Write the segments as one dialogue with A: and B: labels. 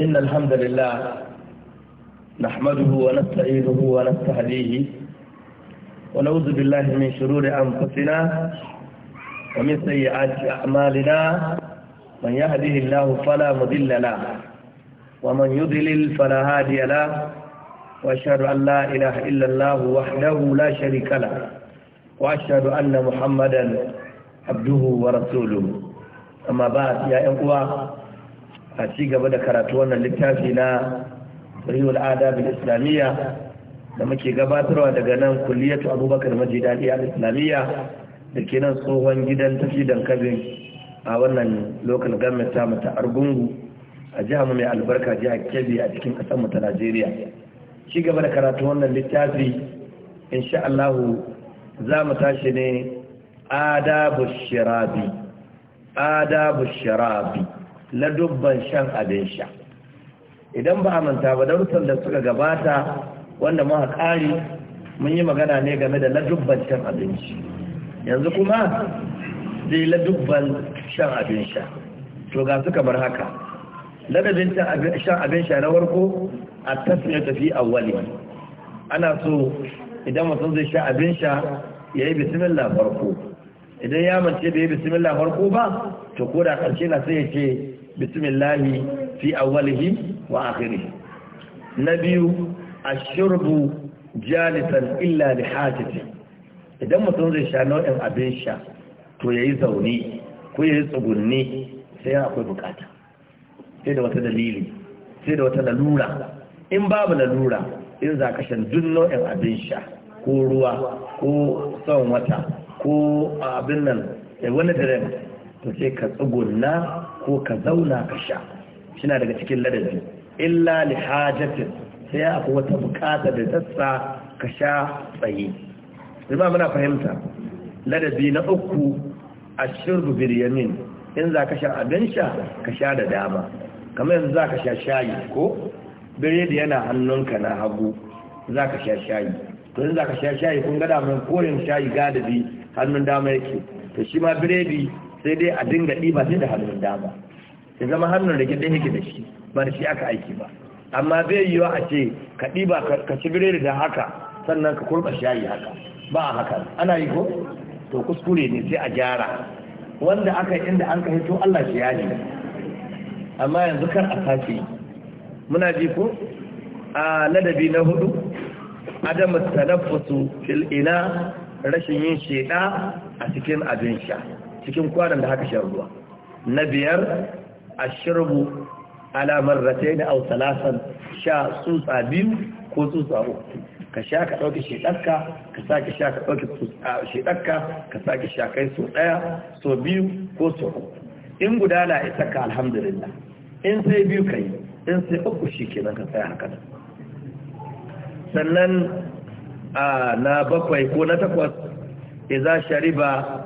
A: إن الحمد لله نحمده ونستعيده ونستهديه ونعوذ بالله من شرور أنفسنا ومن سيئات أعمالنا من يهده الله فلا مضل له ومن يضلل فلا هادي له وأشهد أن لا إله إلا الله وحده لا شريك له وأشهد أن محمدا عبده ورسوله أما بعد يا إخوة a ci gaba da karatu wannan littafi na riyul adab islamiyya da muke gabatarwa daga nan kulliyatu abubakar majidali al islamiyya da ke nan tsohon gidan tafi dankalin a wannan local government ta mata argungu a jiha mai albarka jiha kebbi a cikin kasar mu ta najeriya ci gaba da karatu wannan littafi insha Allah za mu tashi ne adabu shirabi adabu shirabi ladubban shan abin sha idan ba a manta ba darussan da suka gabata wanda muka ƙari mun yi magana ne game da ladubban shan abinci yanzu kuma dai ladubban shan abin sha to ga su kamar haka ladabin shan abin sha na farko a tasmiya tafi awwali ana so idan mutum zai sha abin sha ya yi bismillah farko idan ya mace bai yi bismillah farko ba to ko da ƙarshe na sai ya ce bismillahi fi awwalihi wa akhirih na biyu ashurbu jalisan illa li hajati idan mutum zai sha nau'in abin sha to yayi zaune ko yayi tsugunni sai akwai bukata sai da wata dalili sai da wata lalura in babu lalura in za ka shan duk nau'in abin sha ko ruwa ko son wata ko abin nan eh, wani dare to sai ka tsugunna ko ka zauna ka sha shina daga cikin ladabi illa li hajatin sai akwai wata bukata da tassa ka sha tsaye zama muna fahimta ladabi na uku a shirbu biryamin in za ka sha abin sha ka sha da dama kamar yanzu za ka sha shayi ko biredi yana hannunka na hagu za ka sha shayi to in za ka sha shayi kun gada mai koyon shayi gadabi hannun dama yake to shi ma biredi sai dai a dinga ɗiba sai da hannun dama ya zama hannun da gidan yake da shi ba da shi aka aiki ba amma zai yiwa a ce ka ɗiba ka ci biredi da haka sannan ka kurɓa shayi haka ba a haka ana yi ko to kuskure ne sai a gyara wanda aka yi inda an kai to Allah shi ya amma yanzu kar a sace muna ji ko a ladabi na hudu adam tanaffusu fil ina rashin yin sheda a cikin abin sha cikin kwanan da haka shan ruwa na biyar ashirbu ala marratayn aw salasan sha tsutsa biyu ko tsutsa uku ka sha ka ɗauki shedarka ka sake sha ka ɗauki shedarka ka sake sha kai so ɗaya so biyu ko so uku in guda na isa ka alhamdulillah in sai biyu ka yi in sai uku shi kenan ka tsaya haka Sannan a na bakwai ko na takwas iza shariba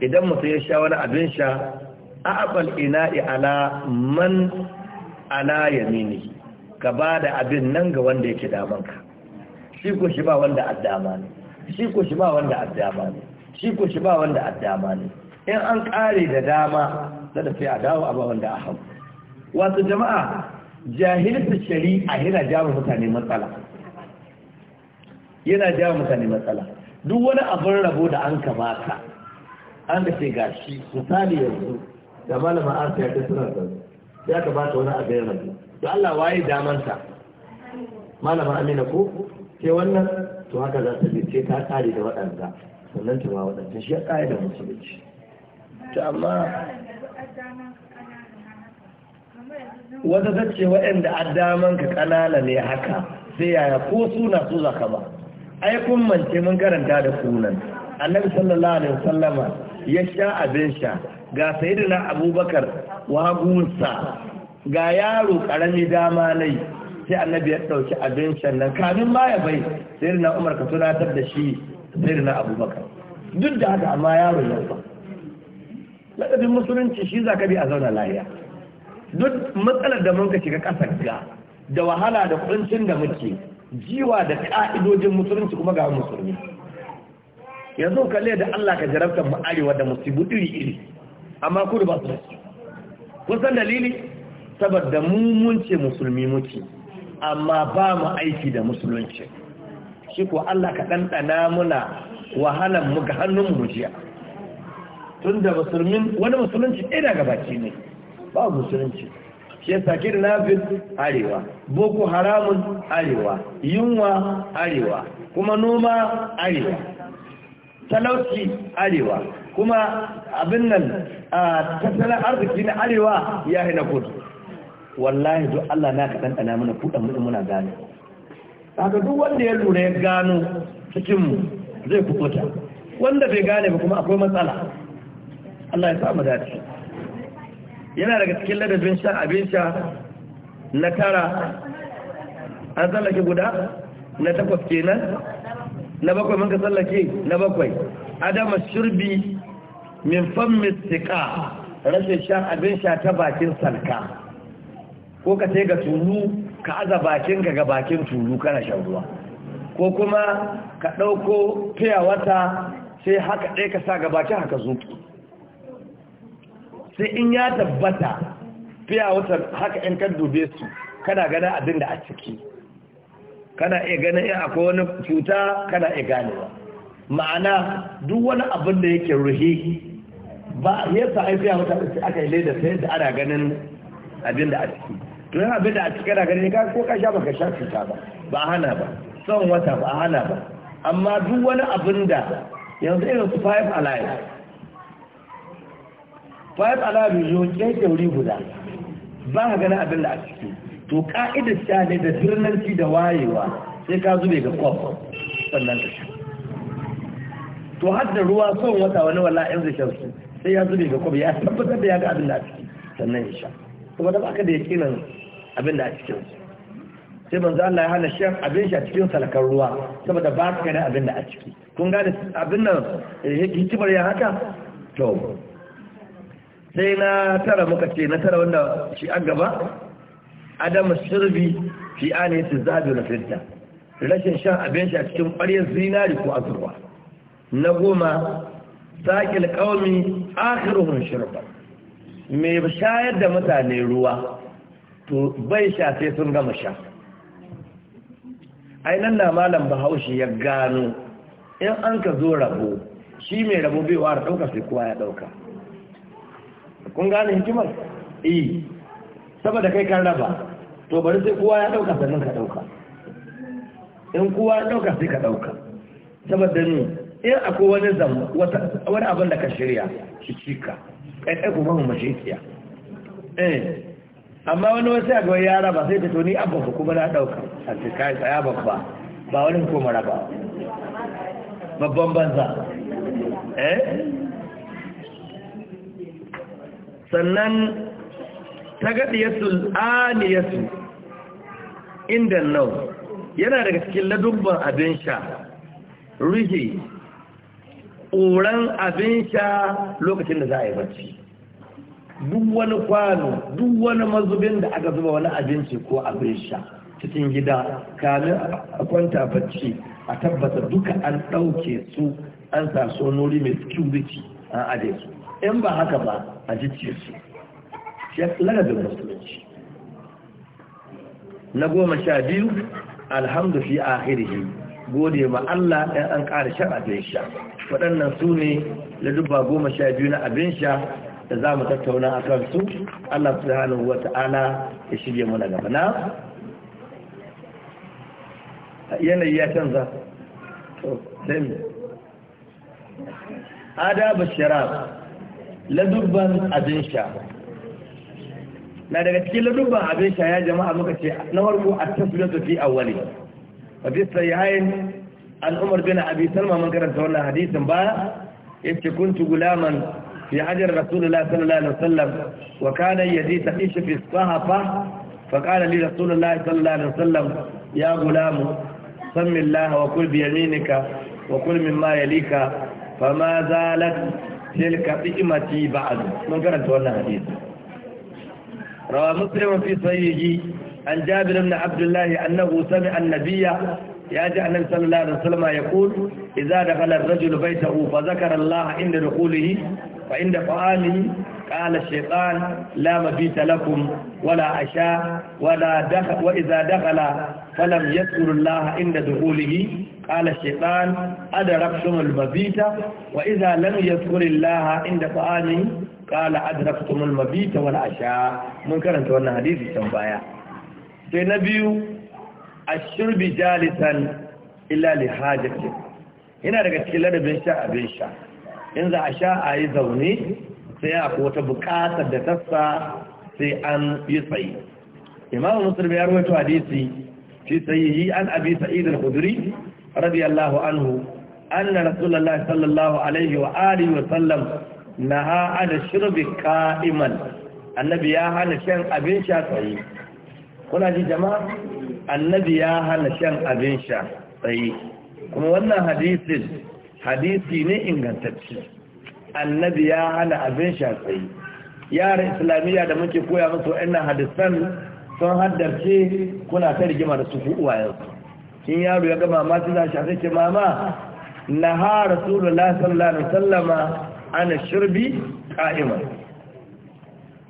A: idan mutum ya sha wani abin sha a a'abal ina'i ala man ala yamini ka ba da abin nan ga wanda yake damanka shi ko shi ba wanda addama ne shi ko shi ba wanda addama ne shi ko shi ba wanda addama ne in an kare da dama da da sai a dawo a ba wanda a hau Wasu jama'a jahilta shari'a yana jawo mutane matsala yana jawo mutane matsala duk wani abin rabo da an ka baka an da ke gashi misali yanzu da malama arsa ya ta suna da sai aka ba ta wani a ya rabu da Allah waye damanta malama amina ko sai wannan to haka za ta bi sai ta kare da waɗanda sannan ta ba waɗanda shi ya kare da musulunci ta amma wata ta ce waɗanda daman ka ƙanana ne haka sai yaya ko suna su zaka ba ai kun mance mun karanta da sunan annabi sallallahu alaihi wasallama ya sha abin sha ga sayidina abubakar wagunsa ga yaro karami dama nai sai annabi ya dauki abin sha. nan kamin ma ya bai sayidina umar ka tunatar da shi sayidina abubakar duk da haka amma yaro ya ba ladabin musulunci shi zaka bi a zauna lahiya duk matsalar da mun ka shiga kasar ga da wahala da kuncin da muke jiwa da ka'idojin musulunci kuma ga musulmi yanzu kalle da Allah ka jarabta mu arewa da musibu iri iri amma kudu ba su kun san dalili saboda mu mun ce musulmi muke amma ba mu aiki da musulunci shi ko Allah ka ɗanɗana muna wahalan mu ga hannun mu jiya tun da musulmin wani musulunci ɗaya daga baki ne ba musulunci shi yasa kidnapping arewa boko haramun arewa yunwa arewa kuma noma arewa talauci arewa kuma abin nan a tattalin arziki na arewa ya haina kudu wallahi duk Allah na kaɗan ɗana mana kuɗan mutum muna gano haka duk wanda ya lura ya gano cikinmu zai kuɓuta wanda bai gane ba kuma akwai matsala Allah ya samu dace yana daga cikin ladabin sha abin sha na tara an tsallake guda na takwas kenan na bakwai mun ka tsallake na bakwai adama shirbi min famis tika rashin shan abin sha ta bakin salka ko ka sai ga tulu ka aza bakinka ga bakin tulu kana shan ruwa ko kuma ka ɗauko fiya wata sai haka ɗaya ka sa ga bakin haka zuki sai in ya tabbata fiya wata haka ‘yan kan dube su kana gana abin da a ciki kana iya ganin in akwai wani cuta kana iya ganewa ma'ana duk wani abin da yake ruhi ba yasa aiki a wata sai aka yi laida sai da ana ganin abin da a ciki to yana abin da a ciki kana ganin ka ko ka sha baka sha cuta ba ba hana ba son wata ba hana ba amma duk wani abin da yanzu irin su five alive five alive yanzu yake wuri guda ba ka ganin abin da a ciki to ka'idar sha ne da birnanci da wayewa sai ka zube ga kwaf sannan ka sha to har ruwa son wata wani wala yan zai shansu sai ya zube ga kwaf ya tabbatar da ya ga abin da a ciki sannan ya sha kuma da baka da ya kinan abin da a cikin sai manzo Allah ya hana shan abin sha cikin salakar ruwa saboda ba ka da abin da a ciki kun gane abin nan eh, hikimar ya haka to sai na tara muka ce na tara wanda shi an gaba adamu shirbi fi aliyati zabi na fidda rashin shan abin a cikin ƙwaryar zinari ko azurwa na goma sakil, ƙaumi akhiruhum shirba mai shayar da mutane ruwa to bai sha sai sun gama sha nan na malam bahaushe ya gano in an ka zo rabo shi mai rabo bai wa ɗauka sai kowa ya ɗauka kun gane hikimar? eh saboda kai kan raba to bari sai kowa ya dauka sannan ka dauka in kowa ya dauka sai ka dauka saboda ne in akwai wani zan wani abin da ka shirya shi cika kai kuma mu mace tsiya eh amma wani wasu a gawai yara ba sai ta to ni abba ku kuma na dauka a cikin tsaya babba ba wani koma raba babban banza eh sannan ta gaɗi yasu aniyarsu inda nau yana daga cikin ladubban abin sha rihi ƙoran abin sha lokacin da za a yi barci duk wani kwano duk wani mazubin da aka zuba wani abinci ko abin sha cikin gida kamin a kwanta barci a tabbata duka an ɗauke su an sa nori mai security an aje su in ba haka ba a jicce su shi ya lagabin musulunci na goma sha biyu alhamdu fi akhirihi gode ma Allah ɗan an ƙara shan abin sha waɗannan su ne da duba goma sha biyu na abin sha da za mu tattauna a kan su Allah subhanahu wa ta'ala ya shirya mana gaba na yanayi ya canza adab sharab ladubban abin sha na daga cikin ladubban abin shaya jama'a muka ce na farko a tasbiyatu fi awwali wa fi sahihain an umar bin abi salma man karanta wannan hadisin ba. yace kuntu gulaman fi hajar rasulullah sallallahu alaihi wasallam wa kana yadi taqishu fi sahafa fa qala li rasulullah sallallahu alaihi wasallam ya gulam sammi allah wa kul bi yaminika wa kul mimma yalika fa fama zalat tilka bi'mati ba'd man karanta wannan hadisin روى مسلم في صحيحه عن جابر بن عبد الله أنه سمع النبي يا النبي صلى الله عليه وسلم يقول إذا دخل الرجل بيته فذكر الله عند دخوله وعند فعاله قال الشيطان لا مبيت لكم ولا عشاء ولا دخل وإذا دخل فلم يذكر الله عند دخوله قال الشيطان أدركتم المبيت وإذا لم يذكر الله عند فعاله qala adraktum al-mabit wal asha mun karanta wannan hadisi can baya sai na biyu ashurbi jalisan ilali haja ce. Ina daga cikin ladabin sha abin sha in za a sha ayi zaune sai a wata bukatar da tassa sai an yi tsaye imam muslim ya rawaito hadisi fi sahihi an abi sa'id al-khudri radiyallahu anhu anna rasulullahi sallallahu alaihi wa wa sallam ha ana shirbi ka'iman annabi ya hana shan abin sha tsaye kuna ji jama'a annabi ya hana shan abin sha tsaye kuma wannan hadisin hadisi ne ingantacce annabi ya hana abin sha tsaye yaran islamiyya da muke koya musu wannan hadisan sun haddace kuna ta rigima da su yanzu. in yaro ya gama ma sai za shi ce mama ha rasulullahi sallallahu alaihi wasallama ana shirbi ƙa'ima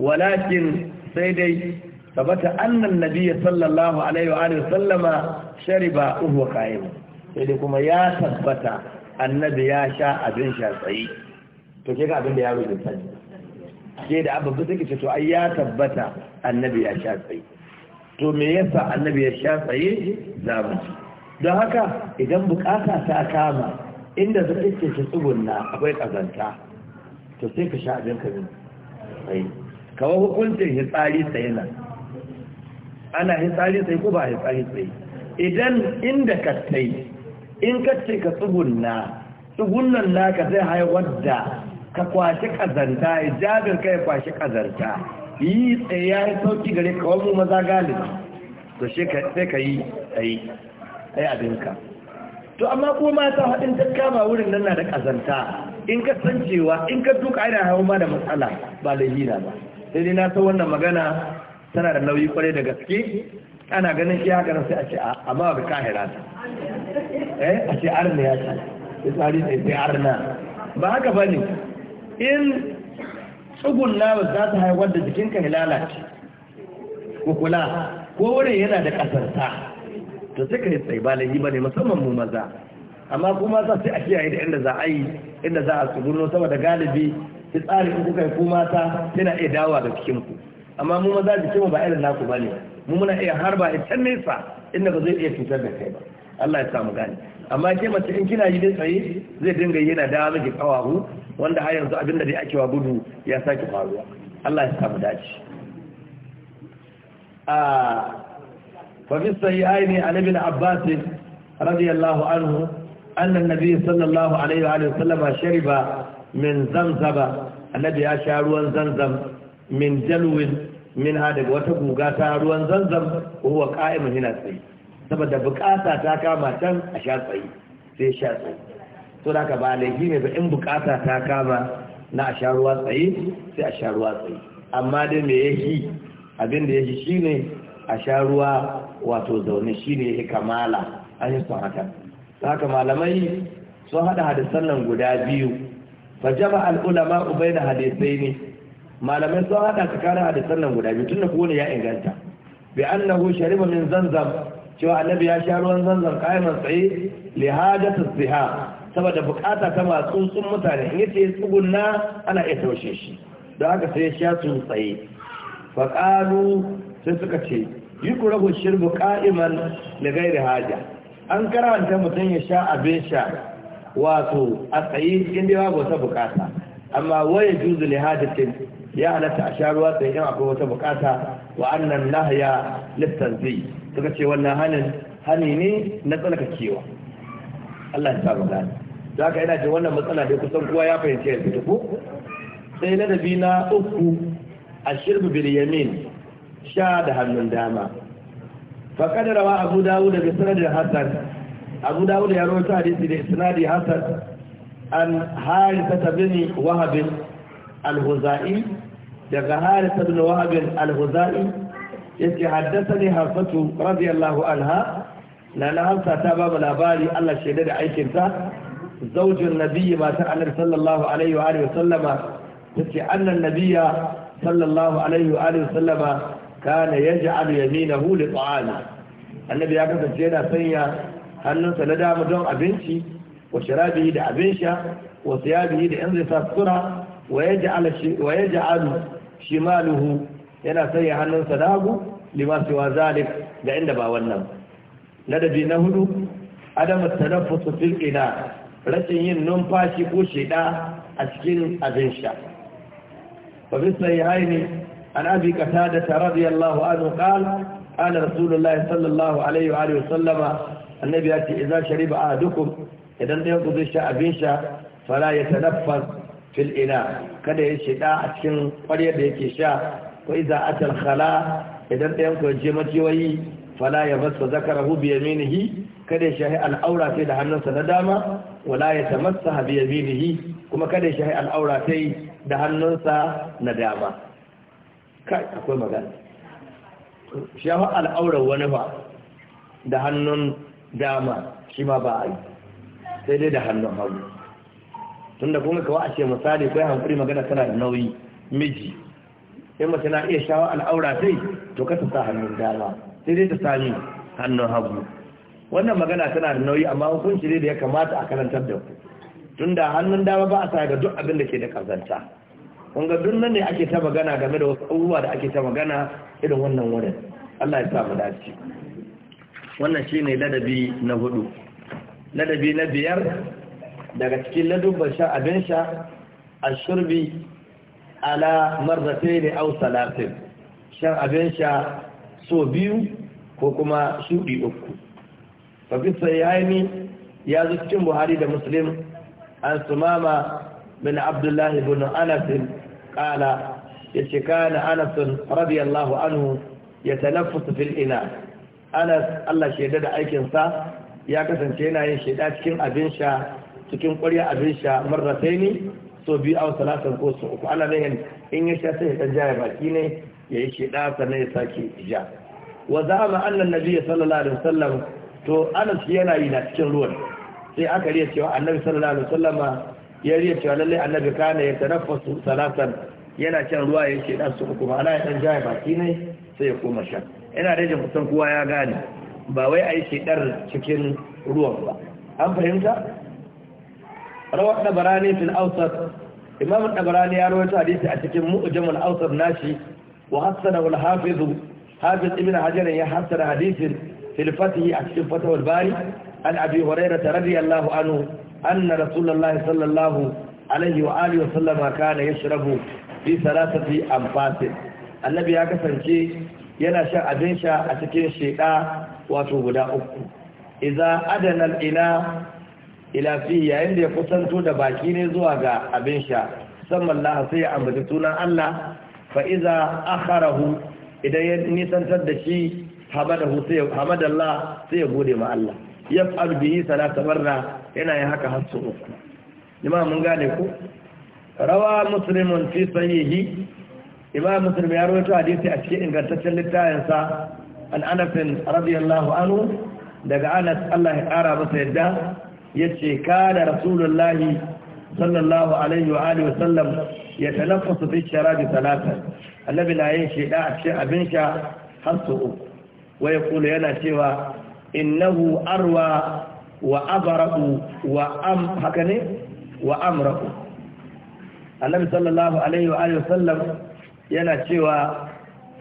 A: walakin sai dai sabata annan nabiya sallallahu alaihi wa sallama shariba uhu ƙa'ima sai dai kuma ya tabbata annabi ya sha abin sha tsayi, to ke ga abin da ya rubin sani ke da abin suke ce to ai ya tabbata annabi ya sha tsayi, to me yasa annabi ya sha tsayi za mu don haka idan bukata ta kama inda zai ce shi tsugunna akwai kazanta to sai ka sha abin ka zai sai kawai hukuncin hitsari sai nan ana hitsari sai ko ba hitsari sai idan inda ka sai in ka ce ka tsugunna tsugunnan naka zai haihuwar da ka kwashi kazanta ijabin ka ya kwashi kazanta yi tsaye ya yi sauki gare ka mu maza galibi to sai ka yi tsaye ai abinka to amma kuma mata haɗin ta ba wurin nan na da kazanta in ka san cewa in ka tuka ina hau ma da matsala ba da lahina ba sai dai na san wannan magana tana da nauyi kwarai da gaske ana ganin shi haka sai a ce a ba kahira ta
B: eh a ce arna ya ce sai
A: tsari sai sai arna ba haka ba ne in tsugun ba za ta haifar da jikinka ya lalace ko kula ko wurin yana da kasarta to sai ka yi tsaye ba ba ne musamman mu maza amma kuma za yi a kiyaye da inda za a yi inda za a tsuguno saboda galibi ki tsari in kuka yi kuma ta yana iya dawa da cikin ku amma mu maza jikinmu ba irin naku bane mu muna iya harba a can nesa inda ba zai iya cutar da kai ba Allah ya samu gani amma ke mace in kina yi dai tsaye zai dinga yana dawa miki kawahu wanda har yanzu abinda dai ake wa gudu ya sake faruwa Allah ya samu dace a fa fi sayyi aini an ibn abbas radiyallahu anhu أن النبي صلى الله عليه وآله وسلم شرب من زمزم الذي أشعر زمزم من جلو min hadab wata guga ta ruwan zanzam huwa qa'imun hina tsayi saboda bukata ta kama can a sha tsayi sai sha tsayi to da ka ba laifi ne ba in bukata ta kama na a tsayi sai a tsayi amma dai me yake abinda da yake shine a wato zaune shine yake kamala an yi son haka haka malamai sun hada hadisan nan guda biyu fajaba al'ulama ubai da hadisai ne malamai sun hada tsakanin hadisan nan guda biyu tunda kowane ya inganta bi annahu shariba min zanzam cewa annabi ya sha ruwan zanzam kayan tsaye li hajatu siha saboda bukata ta masu tsuntsun mutane in yace tsugunna ana iya taushe shi don haka sai ya sha Fa qalu sai suka ce yi ku shirbu qa'iman li ghairi haja an karanta mutum ya sha abin sha wato a tsaye inda ya wata bukata amma waye juzu ne hadatin ya halatta a sha ruwa tsayi in akwai wata bukata wa annan littan zai suka ce wannan hanin hani ne na cewa Allah ya sa mu gani za ka ina jin wannan matsala dai kusan kuwa ya fahimci ya fita ko sai ladabi na uku a shirbu bil sha da hannun dama فقد روى أبو داود بسند حسن أبو داود يروي حديث بإسناد حسن عن حارثة بن وهب الهزائي daga harisa bin wahabin al-huzai yake haddasani hafatu radiyallahu anha na na ta ba labari Allah shaida da aikin ta zaujin nabiyyi matar annabi sallallahu alaihi wa alihi sallama tace annan sallallahu alaihi wa alihi sallama kana yaj'al yaminahu annabi ya kasance yana sanya hannunsa na dama don abinci wa sharabihi da abin sha wa siyabihi da yan zai sutura wa ya ja'alu shimaluhu yana sanya hannunsa na hagu lima siwa zalik ga inda ba wannan ladabi na hudu adama tanaffusu fil ina rashin yin numfashi ko sheda a cikin abin sha fa bi sahihaini an abi ta radiyallahu anhu qala قال رسول الله صلى الله عليه وآله وسلم النبي يأتي إذا شرب أحدكم إذا ينقض الشاء بنشا فلا يتنفس في الإناء كده يشتاء أتكن قرية بيكي شاء وإذا أتى الخلاء إذا ينقض الجمة وي فلا يبس ذكره بيمينه كده يشهي الأورى في دهنس ندامة ولا يتمسح بيمينه كما كده يشهي الأورى في دهنس ندامة كأي أقول مغالب shi al'aurar wani ba da hannun dama shi ma ba a yi sai dai da hannun hagu tun da kuma kawai a ce misali kai hankuri magana tana da nauyi miji sai mace na iya shawa al'aura sai to kasa sa hannun dama sai dai ta sami hannun hagu wannan magana tana da nauyi amma hukunci ne da ya kamata a karantar da ku tun da hannun dama ba a sa ga duk abin da ke da kazanta wanga duk nan ne ake ta magana game da wasu abubuwa da ake ta magana irin wannan wurin Allah ya sa mu dace wannan shine ladabi na hudu ladabi na biyar daga cikin ladubban sha abin sha ashurbi ala marratayn aw salatin shan abin sha so biyu ko kuma shudi uku fa bi sayyani ya zo cikin Buhari da Muslim an sumama bin Abdullahi bin Anas qala yace kana Anas radiyallahu anhu yatanaffasu fil ina Anas Allah shaida da aikin ya kasance yana yin shaida cikin abin sha cikin ƙwarya abin sha marrataini so biyu aw salatan ko so uku ana nan in ya sha sai ya dan jaya baki ne ya yi shaida sannan ya sake ja wa za'ama anna nabiyyi sallallahu alaihi wasallam to Anas yana yi na cikin ruwan sai aka riya cewa Annabi sallallahu alaihi wasallama ya riya cewa lalle annabi kana ya tanaffasu salatan yana cin ruwa ya ce dan su uku ma'ana ya dan jaya baki ne sai ya koma sha ina da jin kusan kowa ya gane ba wai a yi shedar cikin ruwan ba an fahimta rawar dabarani fil awsat imam dabarani ya rawaito hadisi a cikin mu'jamul awsat nashi wa hasanahu al-hafiz hafiz ibn hajar ya hasana hadisin fil fatih a cikin fatawul bari an abi hurairah radiyallahu anhu أن رسول الله صلى الله عليه وآله وسلم كان يشرب في ثلاثة أنفاس النبي أكثر شيء ينا شاء أبين شاء أتكين شيئا وتوبدا أكو إذا أدنى الإناء إلى فيه يأين عند يقسنتو دباكين زواغا أبين شاء سمى الله سيئا بجتونا الله فإذا أخره إذا نسان تدشي حمد الله سيء بودي مع الله yaf'al bihi salata barra yana yi haka har uku jama'a mun gane ku rawa muslimun fi sahihi imam muslim ya rawaito hadisi a cikin ingantaccen littafin sa an anafin radiyallahu anhu daga anas Allah ya kara masa yadda yace kana rasulullahi sallallahu alaihi wa alihi wa sallam yatanaffasu fi sharabi salatan annabi na yin sheda a cikin abin sha har uku wai kula yana cewa innahu arwa wa abaraku wa am haka ne wa amraku annabi sallallahu alaihi wa alihi wasallam yana cewa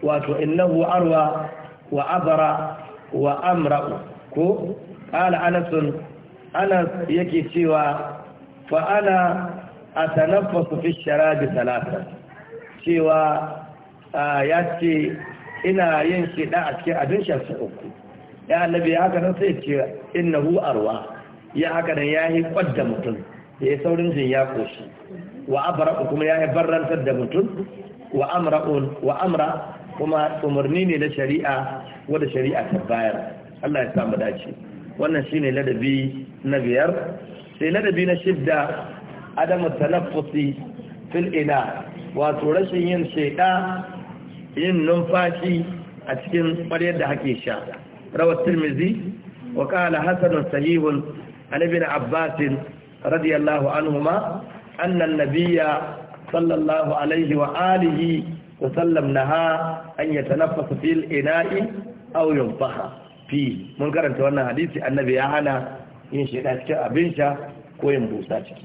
A: wato innahu arwa wa abara wa amraku ko qala anas anas yake cewa fa ana atanaffasu fi sharabi salata cewa ya ce ina yin shida a cikin abin sha uku ya annabi haka nan sai ce innahu arwa ya haka nan ya yi kwadda mutum ya yi saurin jin ya koshi wa abra kuma ya yi barrantar da mutum wa amra'un wa amra kuma umarni ne na shari'a wanda shari'a ta bayar Allah ya samu dace wannan shine ladabi na biyar sai ladabi na shidda adamu talaffusi fil ina wato rashin yin sheda yin numfashi a cikin ƙwaryar da hake sha روى الترمذي وقال حسن صحيح عن ابن عباس رضي الله عنهما أن النبي صلى الله عليه وآله وسلم نهى أن يتنفس في الإناء أو ينفخ فيه من قرأت وانا حديثي النبي يعانى ينشي أشكى أبنشى كوين بوساتك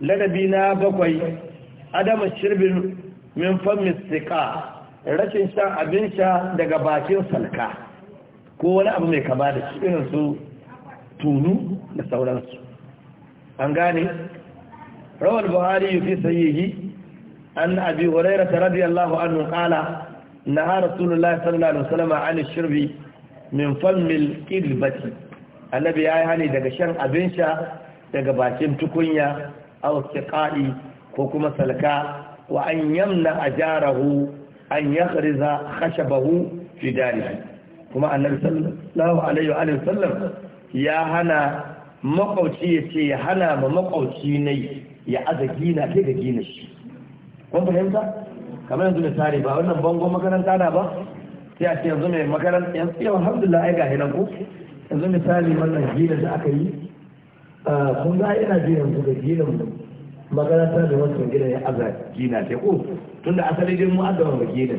A: لنبينا بقوي أدم الشرب من فم السقاء rashin shan abin sha daga bakin salka ko wani abu mai kama da shi irin su tunu da sauransu an gane rawar buhari yufi sayyihi an abi hurairah radiyallahu anhu qala naha rasulullahi sallallahu alaihi wasallam an shirbi min fammil qilbati annabi yayi hani daga shan abin sha daga bakin tukunya aw siqai ko kuma salka wa an yamna ajarahu an yakhriza khashabahu fi darihi kuma annabi sallallahu alaihi wa sallam ya hana makauci ya ce ya hana ma makauci ne ya aza gina kai ga gina shi kun fahimta kamar yanzu misali ba wannan bangon makaranta na ba sai a ce yanzu mai makaranta yanzu yau alhamdulillah ai ga hinan ku yanzu misali wannan gina da aka yi kun ga yana ji yanzu da gina mu makaranta da wancan gina ya aza gina ce tunda asali din mu aza wa gina?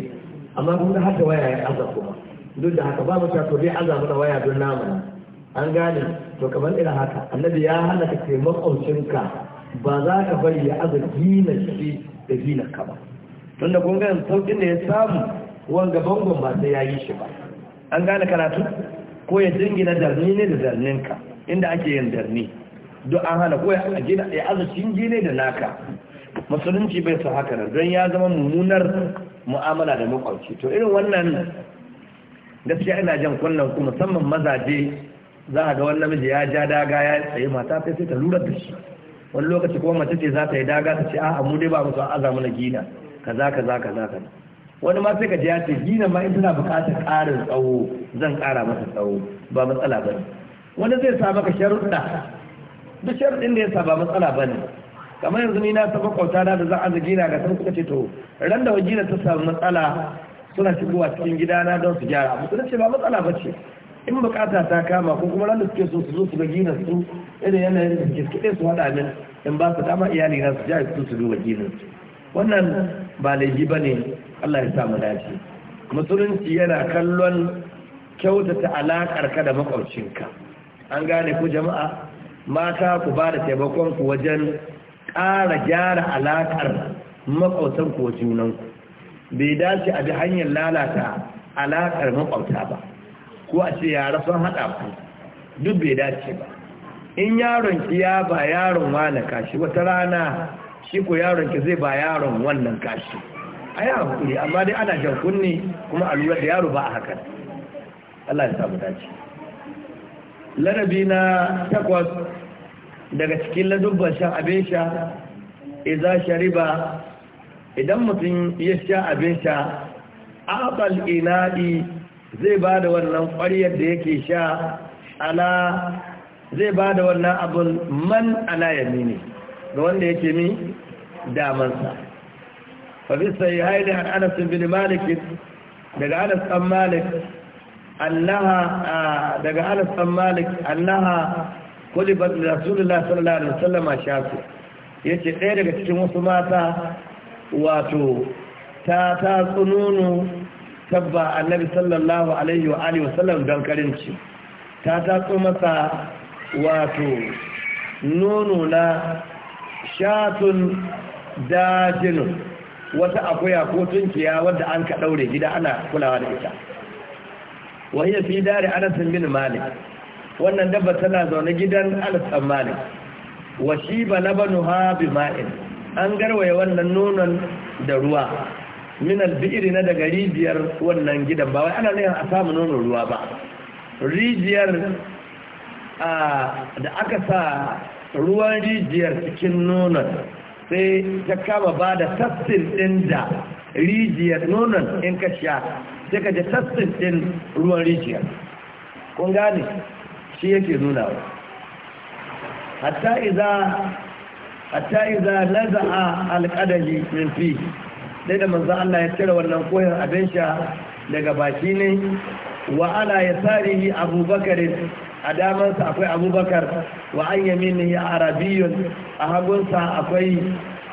A: amma kun ga har da waya ya aza kuma duk da haka ba mu ta tobi dai waya don namu an gane to kamar irin haka annabi ya hana ka ce makwabcinka ba za ka bari ya aza gina shi da gina ka ba tun da kun da ya samu wanga bangon ba sai ya yi shi ba an gane karatu ko ya jingina darni ne da darninka inda ake yin darni duk an hana ko ya aza shinge ne da naka musulunci bai su haka don ya zama mummunar mu'amala da makwabci to irin wannan gaskiya ina jan kunnan ku musamman mazaje za a ga wani namiji ya ja daga ya tsaye mata sai sai ta lura da shi wani lokaci kuma mace ce za ta yi daga ta ce a'a mu dai ba mu so aza mana gina kaza kaza kaza kaza wani ma sai ka ji ya ce gina ma in tana buƙatar ƙarin tsawo zan ƙara masa tsawo ba matsala bane wani zai sa maka sharuɗa duk sharuɗin da ya sa ba matsala bane kamar yanzu ni na saba kwauta na da za a gina ga sun suka ce to ran da wajina ta samu matsala suna shigowa cikin gidana don su gyara abu suna ce ba matsala ba ce in bukata ta kama ko kuma ran da suke so su zo su ga gina su irin yanayin da suke suke su hada min in ba su dama iyali na su ja su su duba ginin su wannan ba laifi ba ne Allah ya samu dace musulunci yana kallon kyautata alaƙar ka da makwabcinka an gane ku jama'a mata ku ba da taimakon ku wajen ƙara gyara alaƙar makwabtan ku wa junanku bai dace a bi hanyar lalata alaƙar makwabta ba ko a ce yara sun haɗa ku duk bai dace ba in yaron ki ya ba yaron wani kashi wata rana shi ko yaron ki zai ba yaron wannan kashi a yi hankuri amma dai ana jan kunni kuma a lura da yaro ba a hakan Allah ya samu dace Larabi na takwas daga cikin ladubban shan abin sha iza shariba idan mutum ya sha abin sha abal ina'i zai ba da wannan ƙwaryar da yake sha ala zai ba da wannan abin man ala ne ga wanda yake mi damansa fafisa ya haini an anasin bin malikin daga anas ɗan malik annaha daga anas ɗan malik annaha da rasulullah sallallahu alaihi wasallama shafi yace ɗaya daga cikin wasu mata wato ta ta tsununu tabba annabi sallallahu alaihi wa alihi wasallam don karinci ta tatso masa wato nono na shatun dajinun wata akuya ko tunkiya wadda an ka daure gida ana kulawa da ita wahiyar fi dare anasin bin malik wannan dabba tana zaune gidan anasin malik wa shi ba labanu ha bi ma'in an garwaye wannan nonon da ruwa min albi'iri na daga rijiyar wannan gidan ba wai ana nan a samu nonon ruwa ba rijiyar da aka sa ruwan rijiyar cikin nonon sai ta kama ba da sassin ɗin da rijiyar nonon in ka sha sai ka ji sassin ɗin ruwan rijiyar kun gane shi yake nuna wa hatta iza hatta iza laza'a alqadali min fi sai da manzo Allah ya cire wannan koyar abin sha daga baki ne wa ala yasarihi abubakar a damansa akwai abubakar wa an yamini arabiyun a hagunsa akwai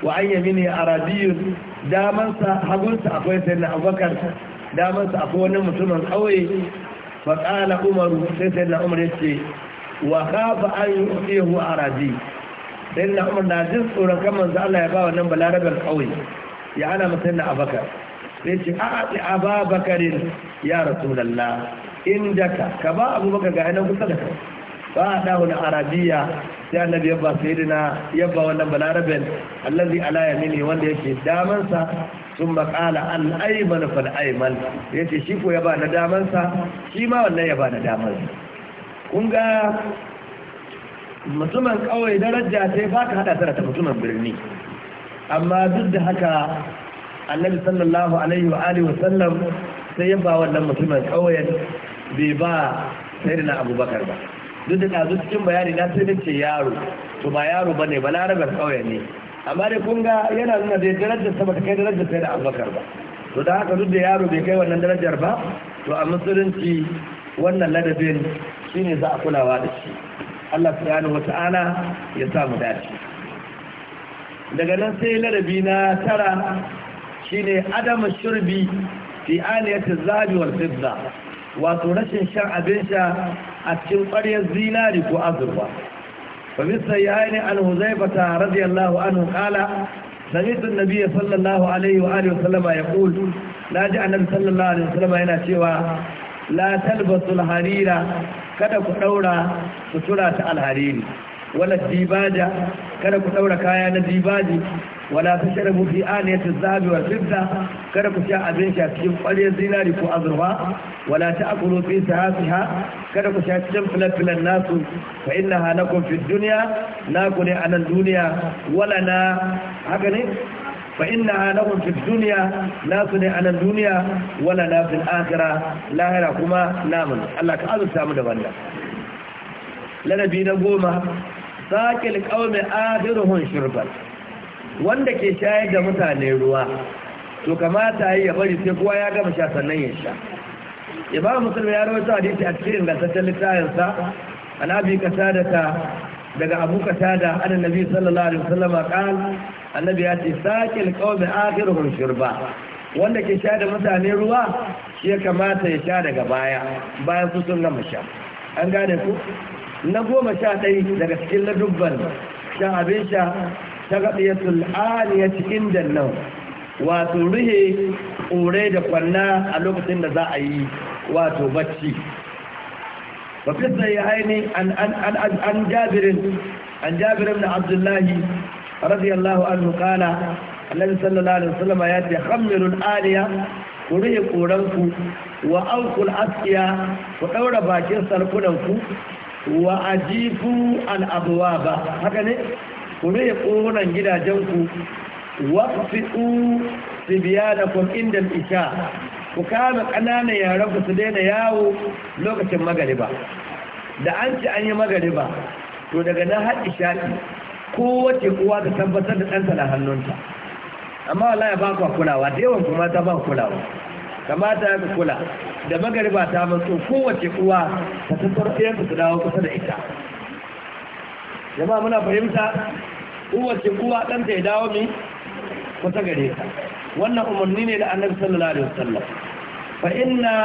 A: wa an yamini arabiyun damansa hagunsa akwai sayyidina abubakar damansa akwai wani mutumin kauye fa qala umaru sai sayyidina umar ce. wa khafa an yu'tihu arabi sai na umar na jin tsoron kan manzo Allah ya ba wannan balarabar kauye ya ana mutum na abakar sai ce a ati ababakarin ya rasulullah inda ka ba abubakar ga nan kusa da kai ba a dawo na arabiya sai annabi yabba sayyidina yabba wannan balaraben allazi ala yamini wanda yake damansa sun makala an aiman fal aiman yace shi ko ya ba na damansa shi ma wannan ya ba na damansa kun ga mutumin kawai daraja sai ba ka haɗa ta mutumin birni amma duk da haka annabi sallallahu alaihi wa alihi wasallam sai ya ba wannan mutumin ƙauyen bai ba sai da abubakar ba duk da ɗazu cikin bayani na sai da yaro to ba yaro bane ba ne kawai ne amma dai kun ga yana nuna da darajar sa ba kai darajar sai da abubakar ba to da haka duk da yaro bai kai wannan darajar ba to a musulunci wannan ladabin shine za a kulawa da shi Allah subhanahu wata'ala ya sa mu dace daga nan sai ladabi na tara shine adama shurbi fi aliyati zabi wal fidda wato rashin shan abin sha a cikin ƙwaryar zinari ko azurfa فمثل يعين عن هزيفة رضي الله عنه قال سمعت النبي صلى الله عليه وآله وسلم يقول لا جاء النبي صلى الله عليه وسلم هنا شوى لا تلبسوا kada ku daura Ku tura ta alhariri wala dibaja kada ku daura kaya na dibaji wala tashrabu fi aniyati zahabi wal fidda kada ku sha abin sha cikin ƙwaryar zinari ko azurfa wala ta'kulu fi sahafiha kada ku sha cikin filafilan nasu fa innaha lakum fi dunya naku ne a nan duniya wala na haka ne fa innaha lakum fi dunya nasu ne a nan duniya wala na fil akhirah lahira kuma namun Allah ka azurta mu da wannan ladabi na goma saƙil ƙaume adiruhun shirban wanda ke shayar da mutane ruwa to kamata ya bari sai kowa ya gama sha sannan ya sha imam musulmi ya rawaita hadisi a cikin ingantaccen littafin sa an abi kasada ta daga abu kasada annabi sallallahu alaihi wasallam qal annabi ya ce saƙil qaumi adiruhun shirba wanda ke sha da mutane ruwa shi ya kamata ya sha daga baya bayan su sun gama sha an gane ku na goma sha ɗai daga cikin ladubban sha abin sha ta gaɗiya tul'ani ya cikin dannan wato rihe ƙure da kwanna a lokacin da za a yi wato barci. ba fi tsaye haini an jabirin na abdullahi radiyallahu an nukala alaihi sallallahu alaihi ya ce hamilun aliya ku rihe ƙuranku wa aukul askiya ku ɗaura bakin sarkunanku wa ajifu al'abuwa ba haka ne Ku ya ƙonan gidajenku fi su biya da kun inda isha ku kama ƙananan yaran su daina yawo lokacin magariba da an ci an yi magariba to daga nan har ko wace uwa ta tabbatar da ɗanta na hannunta amma wala ya ba ku kulawa da yawan kuma ta ba kulawa kamata ka kula da magariba ta matso kowace uwa ta tattar ta su dawo kusa da ita jama'a muna fahimta kowace uwa ta ya dawo mai kusa gare ta wannan umarni ne da annabi sallallahu alaihi wasallam fa inna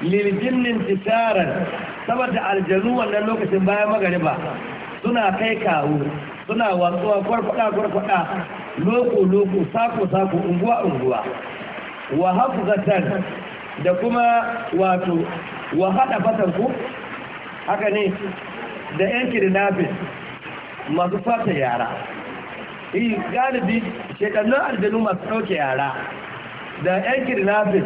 A: lil saboda aljanu wannan lokacin bayan magariba suna kai kawo suna watsuwa kwarkwada kwarkwada loko loko sako sako unguwa unguwa wa hafzatan da kuma wato wa hada fatan ku haka ne da da nafi masu fata yara yi galibi shekarun aljanu masu ɗauke yara da da nafi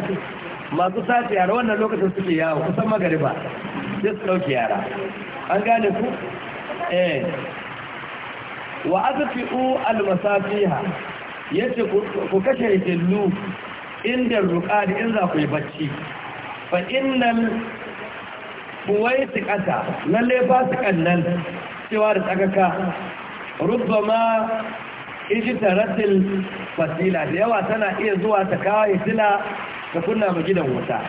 A: masu fata yara wannan lokacin suke yawo kusan magariba sai su ɗauke yara an gane ku eh wa azfi'u Almasafiha ya yace ku kashe hillu inda rukadi in za ku yi bacci fa innal kuwaiti kata lalle su nan cewa da tsakaka rubbama ishi taratil fasila da yawa tana iya zuwa ta kawo fitila ta kunna ma gidan wuta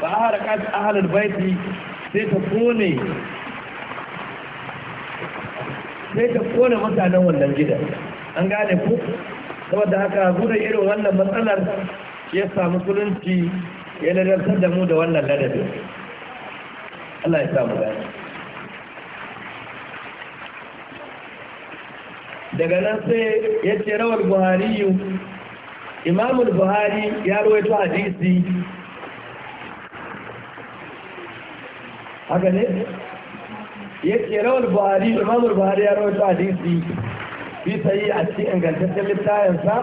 A: ba a harakat ahalar baiti sai ta kone sai ta kone mutanen wannan gidan an gane ku saboda haka gudun irin wannan matsalar ya samu musulunci ya ladartar da mu da wannan ladabi Allah ya samu gani daga nan sai ya ce rawar buhari imamul buhari ya rawaito hadisi haka ne ya ce rawar buhari imamul buhari ya rawaito hadisi fi sayi a cikin ingantaccen littayensa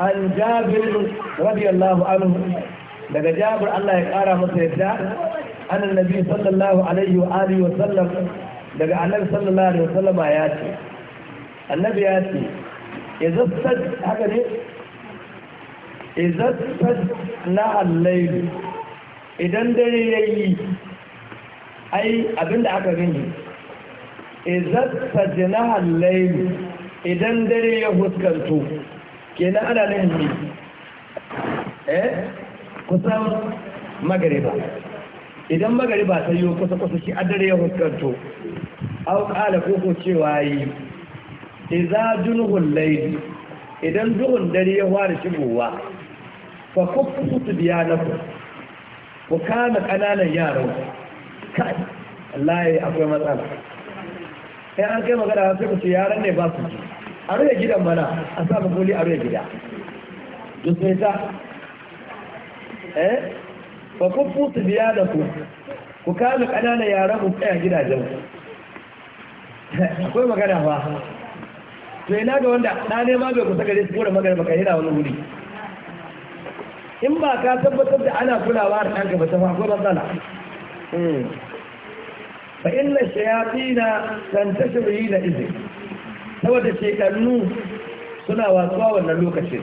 A: an jabir radiyallahu anhu daga jabir Allah ya kara masa yadda anan nabi sallallahu alaihi wa alihi wa sallam daga annabi sallallahu alaihi wa sallam ya ce annabi ya ce idza sad haka ne idza sad na al-layl idan dare yayi ai abinda aka gani idza sad na al-layl idan dare ya huskanto kenan ana nan ne eh kusan magariba idan magariba ta yi kusa kusa shi adare ya huskanto au kala koko cewa yi iza dunuhun layl idan duhun dare ya fara shigowa fa kufu su biya na ku ku kama ƙananan yaran kai Allah ya akwai matsala sai an kai magana sai ku ce yaran ne ba su ji a raya gidan mana a samun goli a raya gida duk mai ta eh ba kun fusu biya da ku ku kama ƙananan yaran ku tsaya gidajen ku. akwai magana ba to ina ga wanda na nema bai kusa gare su ko magana baka hira wani wuri in ba ka tabbatar da ana kulawa da ɗanka ba ta fa akwai matsala hmm. fa inna shayatina tantashiru yi na izini saboda shekannu suna watsuwa wannan lokacin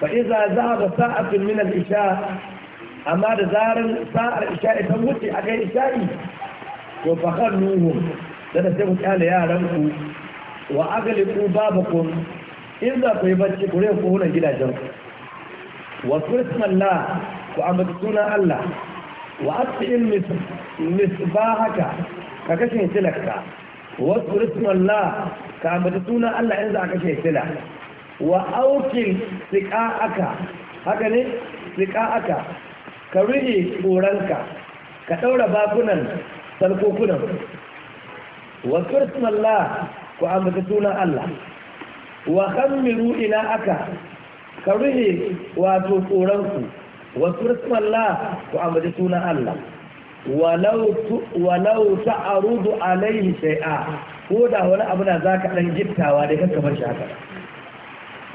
A: fa iza zahaba sa'atun min al-isha amma da zarar sa'ar isha ita wuce a kai isha'i to fa khalluhum da sai ku kyale yaran ku wa agliqu babakum in za ku yi bacci ku rai ku gidajen ku wa bismillah ku ambata sunan Allah wa atqil misbahaka ka kashe tilaka wasu rismallah ka ambata suna Allah yanzu aka ce sila wa aukin siƙa'aka haka ne siƙa'aka ka rufe tsoronka ka ɗaura bakunan sarkokunan wasu rismallah ku ambata suna Allah wa kammiru ina aka ka rufe wato tsoronku wasu rismallah ku Allah walau ta'arudu alaihi a, ko da wani abu na zaka dan gittawa dai kanka bar shi haka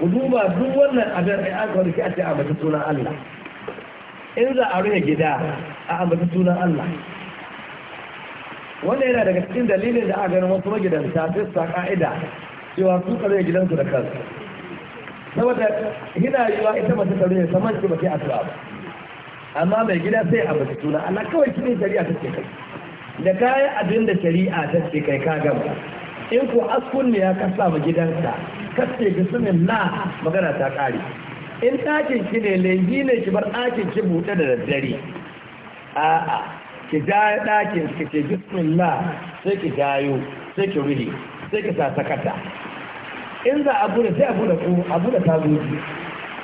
A: ku duba duk wannan abin ai aka wani a ce a bata sunan Allah in za a rufe gida a ambata sunan Allah Wanda yana daga cikin dalilin da aka ganin wasu magidanta sai su ka'ida cewa su ka rufe gidansu da kansu saboda hina yiwa ita mace ta rufe saman ce ba sai addu'a ba amma mai gida sai a mace tuna Allah kawai cikin shari'a ta ce kai da kayan abin da shari'a ta ce kai ka gama in ko askun ne ya kasa ma gidansa kace bisumin na magana ta kare in ɗakin ki ne lengi ne ki bar ɗakin ki buɗe da daddare a'a ki ja ɗakin ki ce bismillah sai ki jayo sai ki ruhi sai ki sa sakata in za a bude sai a bude ko a bude ta zuci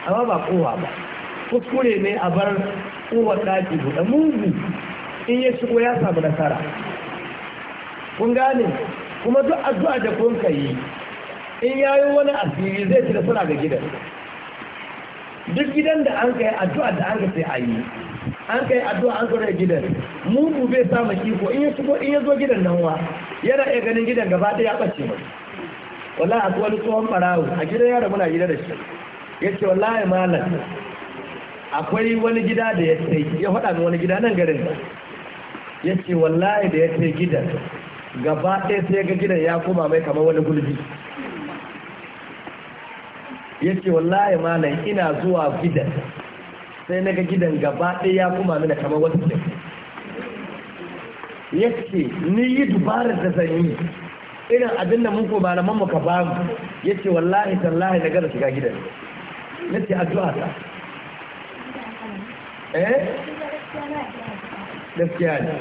A: amma ba kowa ba kuskure ne a bar kuwa kaji da mugu in ya shigo ya samu nasara kun gane kuma duk addu'a da kun yi in yayi wani asiri zai ci nasara ga gidan duk gidan da an kai addu'a da an sai a yi an kai addu'a an kai gidan mugu bai samu kiko in ya shigo in ya zo gidan nan wa yana iya ganin gidan gaba ɗaya ya ɓace mai wallahi akwai wani tsohon ɓarawo a gidan yaro muna gida da shi yace wallahi malam akwai wani gida da ya sai ya faɗa min wani gida nan garin ya ce wallahi da ya sai gidan gaba ɗaya sai ga gidan ya koma mai kamar wani gulbi ya ce wallahi malam ina zuwa gidan sai na ga gidan gaba ɗaya ya koma mini kamar wata ce ya ce ni yi dubarar da zan yi irin abin da mun ko malaman mu ka ba mu ya ce wallahi tallahi na gada shiga gidan na ce addu'a ta
B: gaskiya ne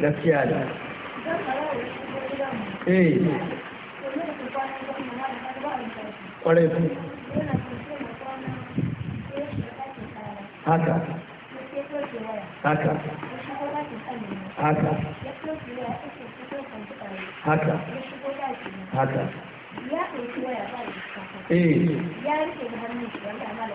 B: gaskiya ne eh kwarai ku haka haka haka haka haka ya ɗauki waya ba da ya rike da hannun shi wanda amma da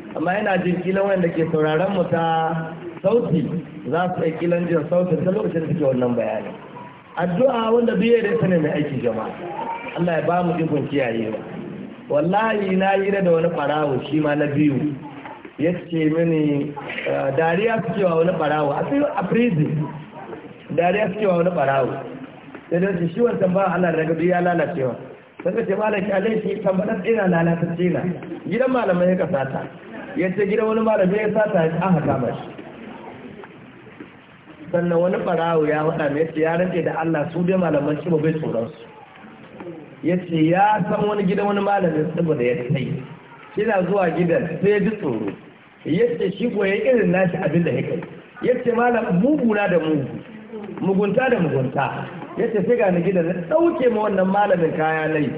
A: amma yana jin kilan wanda ke sauraron mu ta sauti za su yi kilan jin sautin ta lokacin suke wannan bayani addu'a wanda biye da ne mai aiki jama'a Allah ya ba mu ikon kiyayewa wallahi na yi da wani farawo shi ma na biyu ya ce mini ah, dariya su cewa wani farawo a prison dariya su cewa wani farawo sai da su shi tambawa ba Allah daga biya lalacewa sai ka ce malaki alaishi tambaɗar ina lalata cina gidan malamai ya kasata Yace gidan wani malami ya sa ya aka kama shi sannan wani barawo ya faɗa mai ce ya rage da Allah su dai malaman shi bai tsoron su ya ce ya san wani gidan wani malamin saboda ya sai kina zuwa gidan sai ya ji tsoro ya shi ko irin nashi abin da ya kai ya ce malam muguna da mugu mugunta da mugunta Yace ce sai ni gidan na ɗauke ma wannan malamin kaya lai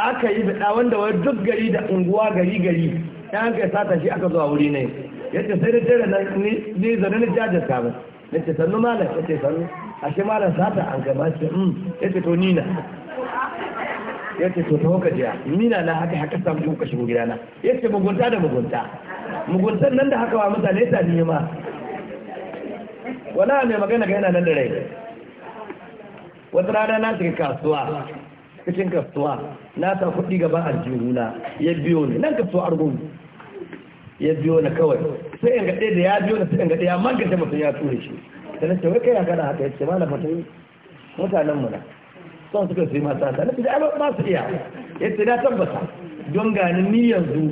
A: aka yi bida wanda wani duk gari da unguwa gari gari ya an kai sata shi aka zuwa wuri ne ce sai da tere nan ni zane ni jajar ta ba nace sannu malam ce sannu ashe malam sata an kai ba ce ya mm. yace to nina yace to tawo ka jiya nina na haka haka samu kuka shigo gidana yace mugunta da mugunta muguntan nan da haka wa mutane ta ni ma
B: wala mai magana ga
A: yana nan da rai wata rana na cikin kasuwa cikin kasuwa na ta kuɗi gaba aljihuna ya biyo ne nan kasuwa argungu ya biyo na kawai sai in gaɗe da ya biyo da sai in gaɗe ya magance mutum ya ture shi da na wai kai ya gana haka ya ce ma na mutum mutanen mu na son suka su yi mata ta na da ba su iya ya ce na tabbata don gani ni yanzu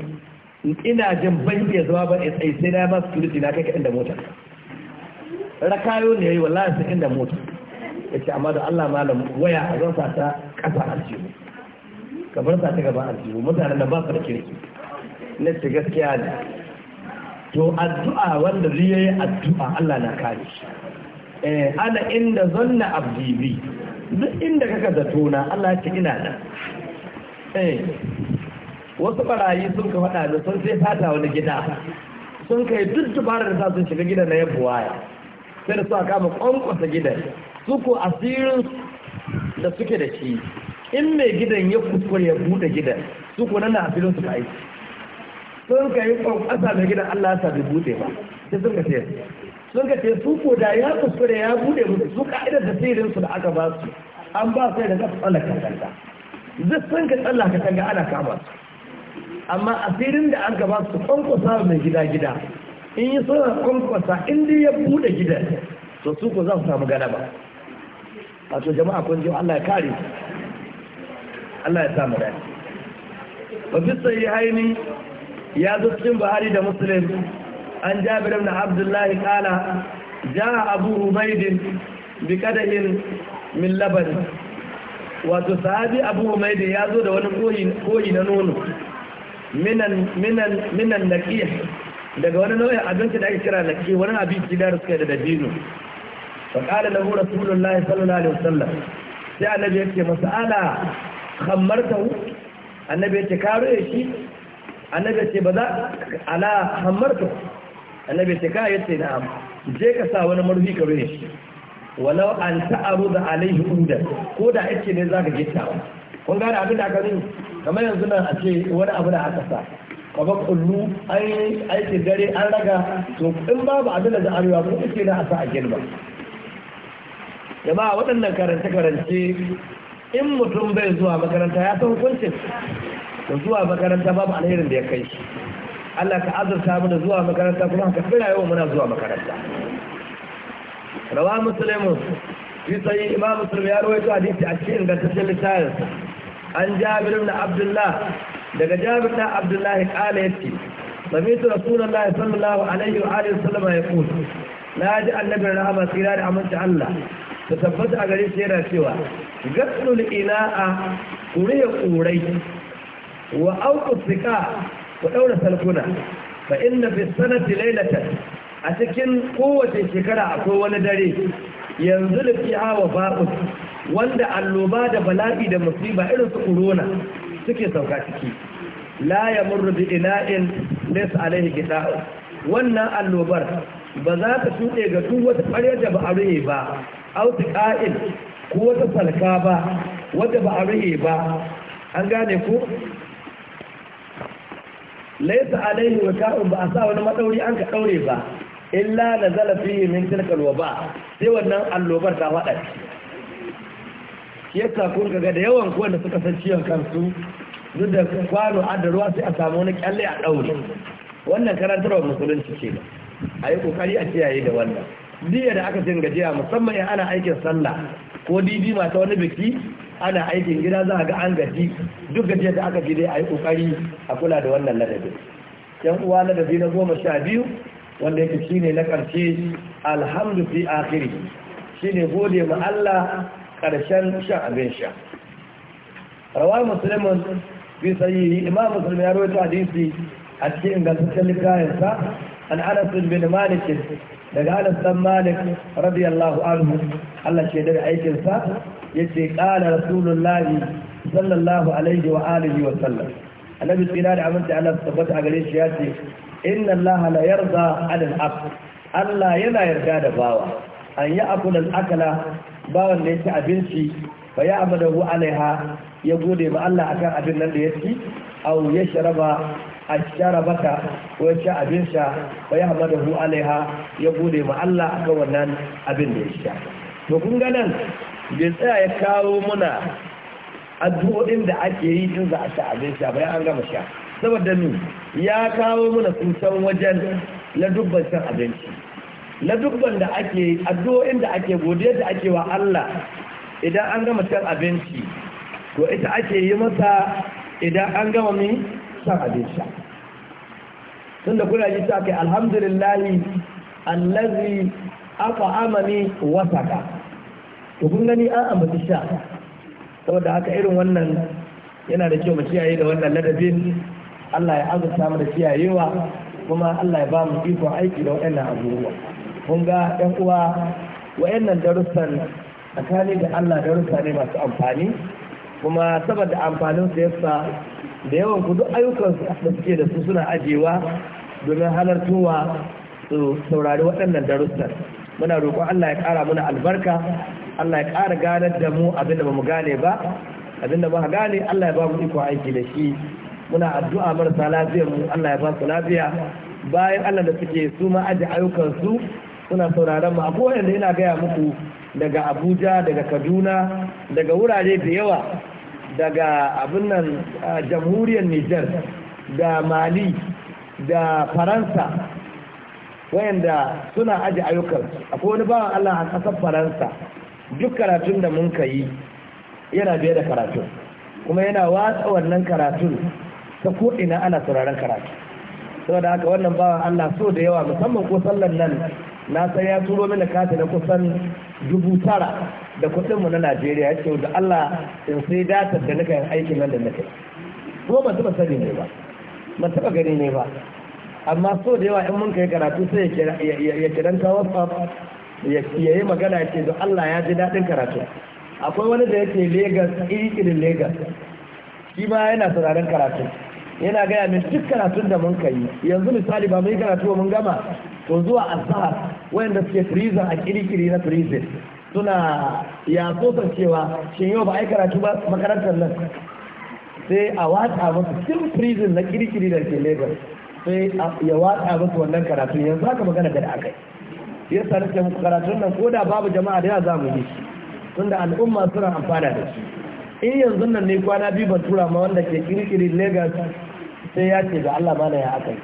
A: ina jin ban iya zama ba ya tsaye sai na ba su turi na kai kaɗin da mota rakayo ne ya yi wallahi su inda mota ya ce amma da Allah malam waya a zan sa ta ƙasa aljihu kamar sa ta gaban aljihu mutanen da ba su da kirki na ce gaskiya ne to addu'a wanda zai yi addu'a Allah na kare shi eh ana inda zanna abdi bi duk inda kaka zato na Allah ya ina nan eh wasu barayi sun ka faɗa da sun sai fata wani gida sun kai duk dubarar da sun shiga gida na ya buwaya sai da suka kama kwankwasa gidan su ko asirin da suke da shi in mai gidan ya kuskure ya bude gidan su ko nan da asirin ka aiki sun ka yi ƙwanƙwasa mai gidan Allah sa bai bude ba sai sun ka ce sun ka ce su ko da ya kuskure ya bude musu su ka'idar da sirrin su da aka ba su an ba sai da za su tsallaka kanta zai sun ka ka tanga ana kama su amma asirin da an gaba su ƙwanƙwasa mai gida gida in yi suna ƙwanƙwasa in dai ya bude gidan to su ko za su samu gana ba wato jama'a kun ji Allah ya kare Allah ya samu dani ba fi sayyi haini ya zo cikin buhari da muslim an jabir ibn abdullahi kala ja abu ubaidin bi kadahin min laban wato sahabi abu ubaidin ya zo da wani koyi na nono minan minan minan naqih daga wani nau'in abinci da ake kira naqih wani abinci da suka da dabino fa kala lahu rasulullahi sallallahu alaihi wasallam sai annabi yake masa ala khammartahu annabi yake karo shi annabi ce ba za ala hammarka annabi ce ka yace am je ka sa wani marufi ka rune shi walau an ta'aru da alaihi unda ko da ake ne zaka ta kun gane abin da aka nuna kamar yanzu nan a ce wani abu da aka sa kaba kullu an yi aikin dare an raga to in babu abin da arewa, riwa ko ake na a sa a girma jama'a waɗannan karance-karance in mutum bai zuwa makaranta ya san hukuncin da zuwa makaranta babu alherin da ya kai shi Allah ka azurta mu da zuwa makaranta kuma ka tsira yau muna zuwa makaranta rawa muslimun fi sai imam muslim ya rawaito hadisi a cikin cikin littafin an jabir ibn abdullah daga jabir ibn abdullah qala yati sami'tu rasulullahi sallallahu alaihi wa alihi wasallam yaqul la ji annabi rahama tsira da aminci Allah ta tabbata a gare shi yana cewa gaslul ina'a kuriya kurai wa auku sika ku daura salkuna fa inna fi sanati laylatan a cikin kowace shekara akwai wani dare yanzu da fiha wa fa'us wanda alloba da bala'i da musiba irin su corona suke sauka ciki la yamurru bi ina'in laysa alaihi gida'u wannan allobar ba za ta shuɗe ga duk wata ƙarya da ba a rufe ba au ƙa'il ko wata salka ba wadda ba a rufe ba an gane ku laisa alaihi wa ba a sa wani madauri an ka daure ba illa na fihi min tilka alwaba sai wannan allobar ta fada yasa kun ga da yawan ku wanda suka san ciwon kansu duk da kwano da ruwa sai a samu wani kyalle a daure wannan karantarwa musulunci ce a yi kokari a kiyaye da wannan diya da aka sayin gajiya musamman in ana aikin sallah ko didi mata wani biki ana aikin gida za a ga an gaji duk gajiyar da aka gida a yi kokari a kula da wannan ladabi yan uwa ladabi na goma sha biyu wanda yake ne na karshe alhamdu fi akhiri shine gode ma Allah karshen shan abin sha rawar musulmin bi sayi imam muslim ya rawaito hadisi a cikin ingantaccen likayensa. an anas bin malik daga anas dan malik radiyallahu anhu Allah ke da aikin sa yace qala rasulullahi sallallahu alaihi wa alihi wa sallam annabi tsira da aminci Allah tabbata a gare shi ce, inna Allah la yarda 'ala al Allah yana yarda da bawa an yi abu da akala bawan da ya ci abinci ba ya abu da alaiha ya gode ba Allah akan abin nan da ya ci au ya sharaba asharabata ko ya ci abin sha wa ya hu alaiha ya gode ma Allah akan wannan abin da ya sha to kun ga nan bai tsaya ya kawo muna addu'o'in da ake yi in za a ci abin sha bayan an gama sha saboda ni ya kawo muna sun wajen dubban shan abinci dubban da ake addu'o'in da ake godiya da ake wa Allah idan an gama shan abinci to ita ake yi masa idan an gama mi san abin sha da kuna ji ta kai alhamdulillahi allazi aka amani wasaka to kun gani an ambaci sha saboda haka irin wannan yana da kyau mu kiyaye da wannan ladabin Allah ya azurta mu da kiyayewa kuma Allah ya ba mu ikon aiki da waɗannan abubuwa kun ga ɗan uwa wayannan darussan tsakani da Allah darussa ne masu amfani kuma saboda amfanin su yasa da yawan ku duk ayyukansu da suke da su suna ajewa domin halartowa su saurari waɗannan darussan muna roƙon Allah ya ƙara muna albarka Allah ya ƙara ganar da mu abinda ba mu gane ba abinda ba gane Allah ya ba mu iko aiki da shi muna addu'a marasa lafiyar mu Allah ya ba su lafiya bayan Allah da suke su ma aje ayyukan su suna sauraron mu akwai wanda yana gaya muku daga Abuja daga Kaduna daga wurare da yawa daga abin nan jamhuriyar Nijar da Mali da Faransa wayanda suna aji ayyukan akwai wani bawan Allah a ƙasar Faransa duk karatun da mun yi yana biye da karatun kuma yana watsa wannan karatun ta ko'ina ana sauraron karatu saboda haka wannan bawan Allah so da yawa musamman ko sallan nan na san ya turo mini kati na kusan dubu tara da kudin mu na Najeriya yake da Allah in sai datar da nake aikin nan da nake kuma ba taba sani ne ba ba taba gani ne ba amma so da yawa in mun kai karatu sai ya kiran ka WhatsApp ya yi magana ce da Allah ya ji dadin karatu akwai wani da yake Lagos irin Lagos shi ba yana sauraron karatu yana gaya min duk karatun da mun kai yanzu misali ba mun yi karatu ba mun gama to zuwa azhar wayanda suke freezer a kirikiri na freezer suna ya tsofar cewa shin yau ba a yi karatu ba makarantar nan sai a watsa musu still prison na kirkiri da ke lagos sai ya watsa musu wannan karatu yanzu haka magana da akai ya sa nake muku karatun nan ko da babu jama'a da yawa za mu yi shi tunda al'umma suna amfana da shi in yanzu nan ne kwana biyu ban tura ma wanda ke kirkiri lagos sai ya ce da allah na ya akai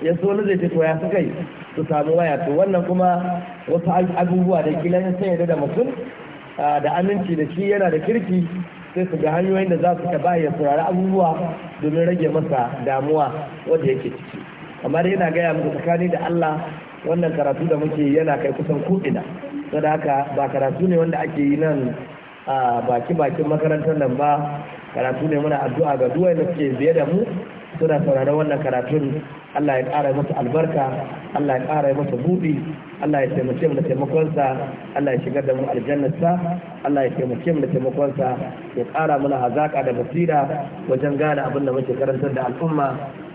A: ya so ni zai ce to ya su yi su samu waya to wannan kuma wasu abubuwa da kila sun yarda da mutum da aminci da shi yana da kirki sai su ga hanyoyin da za su ta ya saurari abubuwa domin rage masa damuwa wanda yake ciki kamar yana gaya muku tsakani da Allah wannan karatu da muke yana kai kusan ko'ina saboda haka ba karatu ne wanda ake yi nan a baki bakin makarantar nan ba karatu ne muna addu'a ga duwai da suke biye da mu suna sauraron wannan karatun Allah ya ƙara masa albarka Allah ya ƙara masa buɗi Allah ya taimake mu da taimakonsa Allah ya shigar da mu aljannarsa Allah ya taimake mu da taimakonsa ya ƙara mana hazaƙa da basira wajen gane abin da muke karantar da al'umma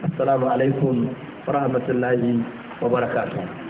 A: assalamu alaikum wa rahmatullahi wa
B: barakatuh